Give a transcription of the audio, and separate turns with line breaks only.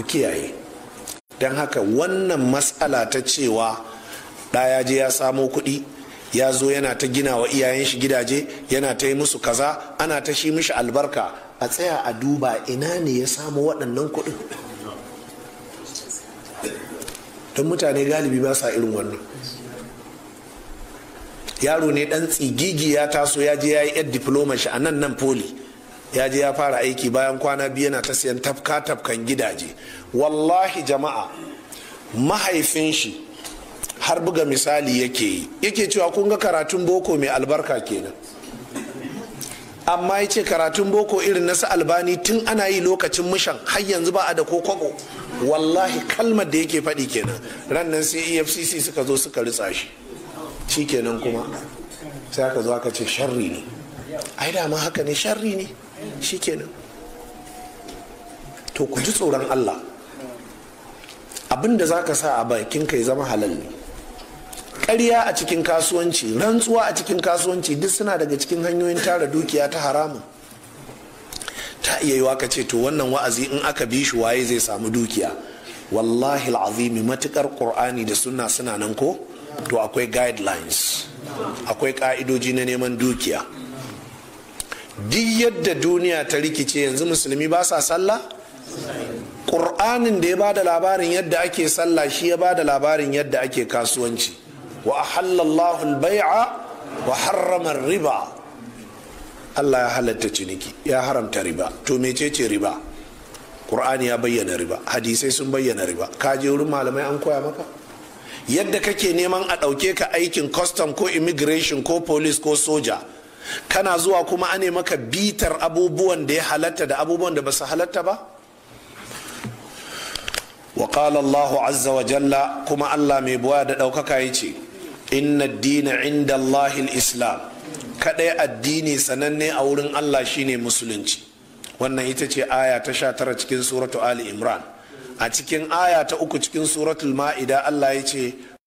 ku kiyaye don haka wannan matsala ta cewa ɗaya je ya samo kuɗi ya zo yana ta gina wa iyayen shi gidaje yana ta yi musu kaza ana ta shi mishi albarka a tsaya a duba ina ne ya samu waɗannan kuɗin don mutane galibi ba sa irin wannan yaro ne ɗan tsigigi ya taso ya je ya yi yar diploma shi a nan nan poli ya je ya fara aiki bayan kwana biyu yana ta siyan tafka tafkan gidaje wallahi jama'a mahaifin shi har buga misali yake yi yake cewa kun ga karatun boko mai albarka kenan amma ya ce karatun boko irin na albani tun ana yi lokacin mishan har yanzu ba a da kokoko wallahi kalmar da yake faɗi kenan ran nan sai efcc suka zo suka ritsa shi shi kenan kuma sai aka zo aka ce sharri ne ai dama haka ne sharri ne shikenan to ku ji tsoron Allah abinda za ka sa a bakin kai zama halal ne ƙarya a cikin kasuwanci rantsuwa a cikin kasuwanci duk suna daga cikin hanyoyin tara dukiya ta haramun ta iya yiwa ka ce to wannan wa'azi in aka bi shi waye zai samu dukiya wallahi azimi matukar qur'ani da sunna suna nan ko to akwai guidelines akwai ka'idoji na neman dukiya duk yadda duniya ta rikice yanzu musulmi ba sa sallah ƙur'anin da ya ba da labarin yadda ake sallah shi ya ba da labarin yadda ake kasuwanci wa ahallallahu al-bai'a wa harrama riba Allah ya halatta ciniki ya haramta riba to mecece riba ƙur'ani ya bayyana riba hadisai sun bayyana riba ka je wurin malamai an koya maka yadda kake neman a ɗauke ka aikin custom ko immigration ko police ko soja kana zuwa kuma ane maka bitar abubuwan da ya halatta da abubuwan da basu su halatta ba wa Allahu azza wa jalla kuma Allah mai buwa da ɗaukaka ya ce inna dina inda Allahil islam kaɗai addini sananne a wurin Allah shine musulunci wannan ita ce aya ta sha tara cikin suratu ali imran a cikin aya ta uku cikin suratul ma'ida Allah ya ce